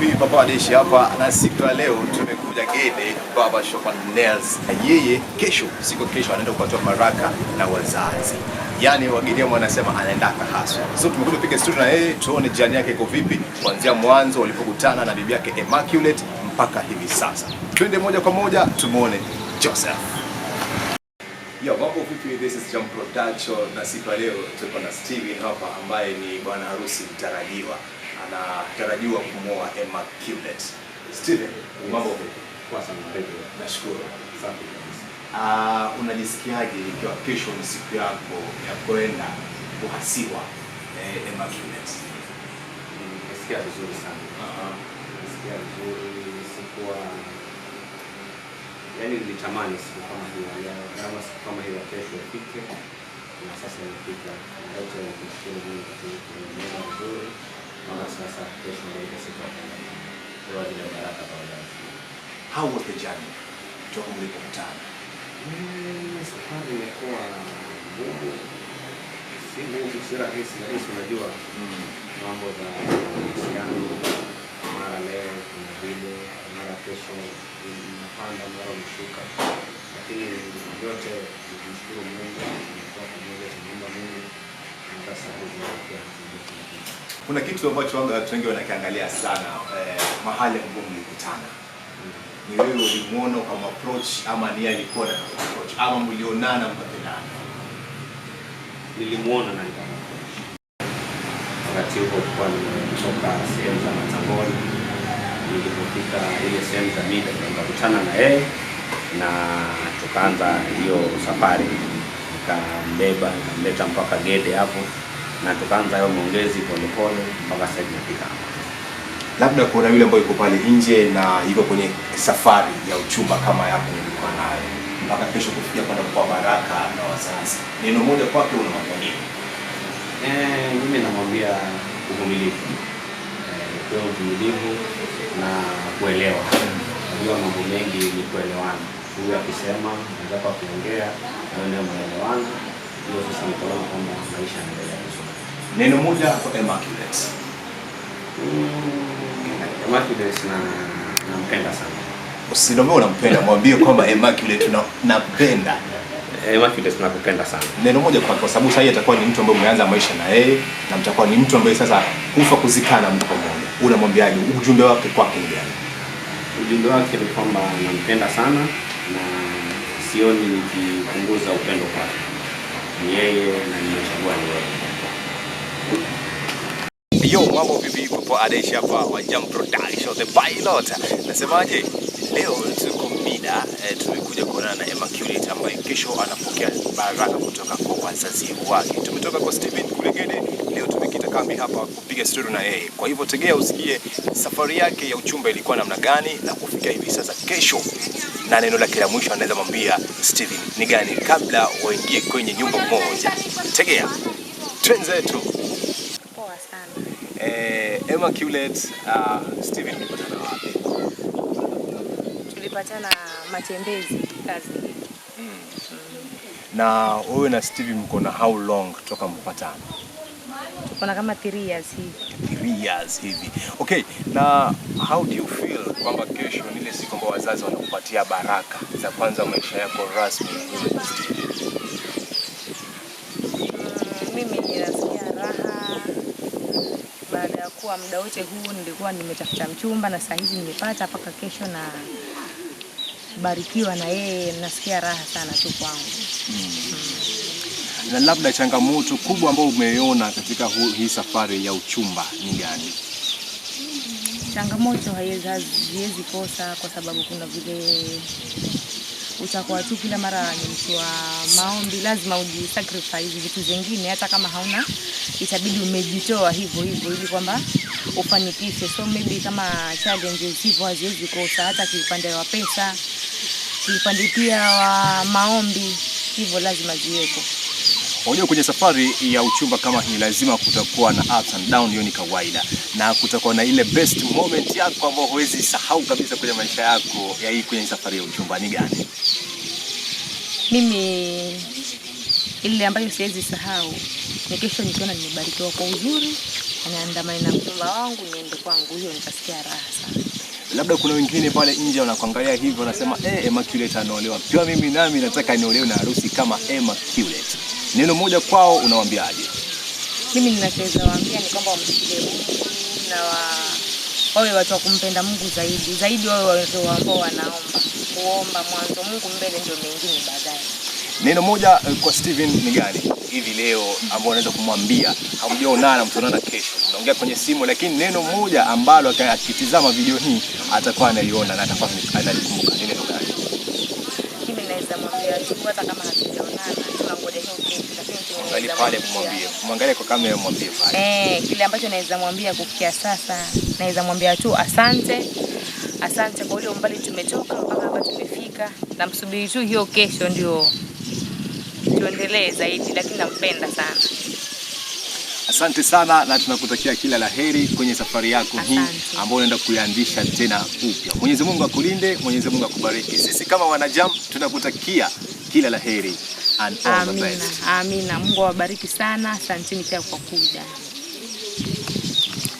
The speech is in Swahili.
Mimi Papa Wadeshi hapa na siku ya leo tumekuja Gede Baba Shop and Nails. Na Yeye kesho, siku kesho anaenda kupata maraka na wazazi. Yaani wageni wanasema anaenda kahaswa. So tumekuja kupiga studio na yeye tuone jani yake iko vipi kuanzia mwanzo walipokutana na bibi yake Immaculate mpaka hivi sasa. Twende moja kwa moja tumuone Joseph. Yo, mambo vipi? This is Jam Production na siku ya leo tuko na Steven hapa ambaye ni bwana harusi mtarajiwa anatarajiwa kumwoa Emma Kibulet. Steven, mambo vipi? Kwa sana ndio. Nashukuru. Asante kabisa. Ah, unajisikiaje ikiwa kesho ni siku yako ya kwenda kuhasiwa eh, Emma Kibulet? Nimesikia vizuri sana. Ah, Nimesikia vizuri siku sikuwa yaani nilitamani siku kama hiyo ya kama siku kama hiyo kesho ifike na sasa imefika. Ndio tunashukuru Mungu kwa kutuletea nzuri mpaka sasa, kesho ndio siku ya kwa ajili ya baraka za wazazi. How was the journey toka mlipokutana? Mm, safari imekuwa ngumu, si ngumu, si rahisi rahisi, unajua mm. mambo za mahusiano, mara leo kuna vile, mara kesho unapanda, mara unashuka, lakini yote tunamshukuru Mungu, tumekuwa pamoja, tunaomba Mungu kuna kitu ambacho wanga watu wengi wanakiangalia sana eh, mahali ambapo mlikutana ni wewe ulimuona kwa approach ama ni yeye alikuwa na approach ama mlionana mkapendana? Nilimuona na nikamapproach wakati huo kwa nimetoka sehemu za Matamboni, nilipofika ile sehemu za Mida nikakutana na yeye na tukaanza hiyo safari nikambeba nikamleta mpaka Gede hapo na tukaanza hayo maongezi polepole mpaka sasa tunafika Labda kuna yule ambaye yuko pale nje na yuko kwenye safari ya uchumba kama yako ulikuwa nayo mpaka kesho kufikia kwenda kwa Baraka na wazazi, neno moja kwake unamwambia nini? Eh, mimi namwambia uvumilivu, eh, kwa uvumilivu na kuelewa. Najua mambo mengi ni kuelewana huyu akisema nataka kuongea na maelewano, ndio sasa nikaona kwamba maisha yanaendelea vizuri. Neno moja kwa Emaculate. Mm, Immaculate na nampenda sana. Usidome unampenda, mwambie kwamba Emaculate tunapenda. Emaculate eh, tunakupenda sana. Neno moja kwa kwa sababu sasa atakuwa ni mtu ambaye umeanza maisha na yeye na mtakuwa ni mtu ambaye sasa kufa kuzikana mtu mmoja. Unamwambiaje ujumbe wake kwake ndio? Ujumbe wake ni kwamba nampenda sana na sioni nikipunguza upendo kwake. Ni yeye na nimechagua ni yeye. Yo, mambo vipi? Popo Adeshi hapa wa Jam Production the pilot. Nasemaje? Leo tuko Mida e, eh, tumekuja kuonana na Immaculate ambaye kesho anapokea baraka kutoka kwa wazazi wake. Tumetoka kwa Steven Kulegede, leo tumekita kambi hapa kupiga story na yeye. Kwa hivyo tegea usikie safari yake ya uchumba ilikuwa namna gani na kufika hivi sasa kesho na neno lake la mwisho anaweza mwambia Steven ni gani kabla waingie kwenye nyumba moja. Tegea twenzetu. Poa sana. Eh, Emma Kulet, uh, ah, Steven tulipatana wapi? Tulipatana matembezi kazi. Mm. Mm. Na wewe na Steven mko na how long toka mpatana? kuna kama 3 years hivi. 3 years hivi. Okay, na how do you feel kwamba kesho ni ile siku ambayo wazazi wanakupatia baraka za kwanza maisha yako rasmi? Mm, mimi ninasikia raha baada ya kuwa muda wote huu nilikuwa nimetafuta mchumba na sasa hivi nimepata mpaka kesho na barikiwa na yeye, nasikia raha sana tu kwangu. Hmm. Mm na labda changamoto kubwa ambayo umeiona katika hii safari ya uchumba ni gani? Changamoto haiwezi kosa, kwa sababu kuna vile utakuwa tu kila mara ni mtu wa maombi, lazima uji sacrifice vitu zingine, hata kama hauna itabidi umejitoa hivyo hivyo ili kwamba ufanikishe. So maybe kama challenges hivyo haziwezi kosa, hata kiupande wa pesa, kiupande pia wa maombi, hivyo lazima ziweko. Unajua, kwenye safari ya uchumba kama hii lazima kutakuwa na ups and down, hiyo ni kawaida, na kutakuwa na ile best moment yako ambayo huwezi sahau kabisa kwenye maisha yako ya hii kwenye safari ya uchumba ni gani? Mimi ile ambayo siwezi sahau ni kesho nikiona nimebarikiwa kwa uzuri, anaandamana na mchumba wangu niende kwangu, hiyo nitasikia raha sana labda kuna wengine pale nje wanakuangalia hivyo wanasema eh, Immaculate anaolewa. Pia mimi nami nataka niolewe na harusi kama Immaculate. Neno moja kwao unawaambiaje? Mimi ninachoweza waambia ni kwamba wamsikie na wawe watu wa kumpenda Mungu zaidi zaidi, wawe watu ambao wanaomba kuomba mwanzo Mungu, mbele ndio mengine baadaye. Neno moja eh, kwa Steven ni gani hivi leo ambao unaweza kumwambia? Hamjaonana, mtaonana kesho, unaongea kwenye simu, lakini neno moja ambalo akitizama video hii atakuwa analiona na atakuwa analikumbuka ni neno gani? Angalia pale, mwambie, mwangalie kwa kamera, Eh, kile ambacho naweza mwambia kufikia sasa, naweza mwambia tu asante, asante kwa ule umbali tumetoka mpaka hapa tumefika, namsubiri tu hiyo kesho ndio tuendelee zaidi, lakini nampenda sana. Asante sana na tunakutakia kila la heri kwenye safari yako hii ambayo unaenda kuianzisha tena upya. Mwenyezi Mungu akulinde, Mwenyezi Mungu akubariki. Sisi kama wanajam tunakutakia kila la heri. Amina, amina. Mungu awabariki sana. Asanteni pia kwa kuja.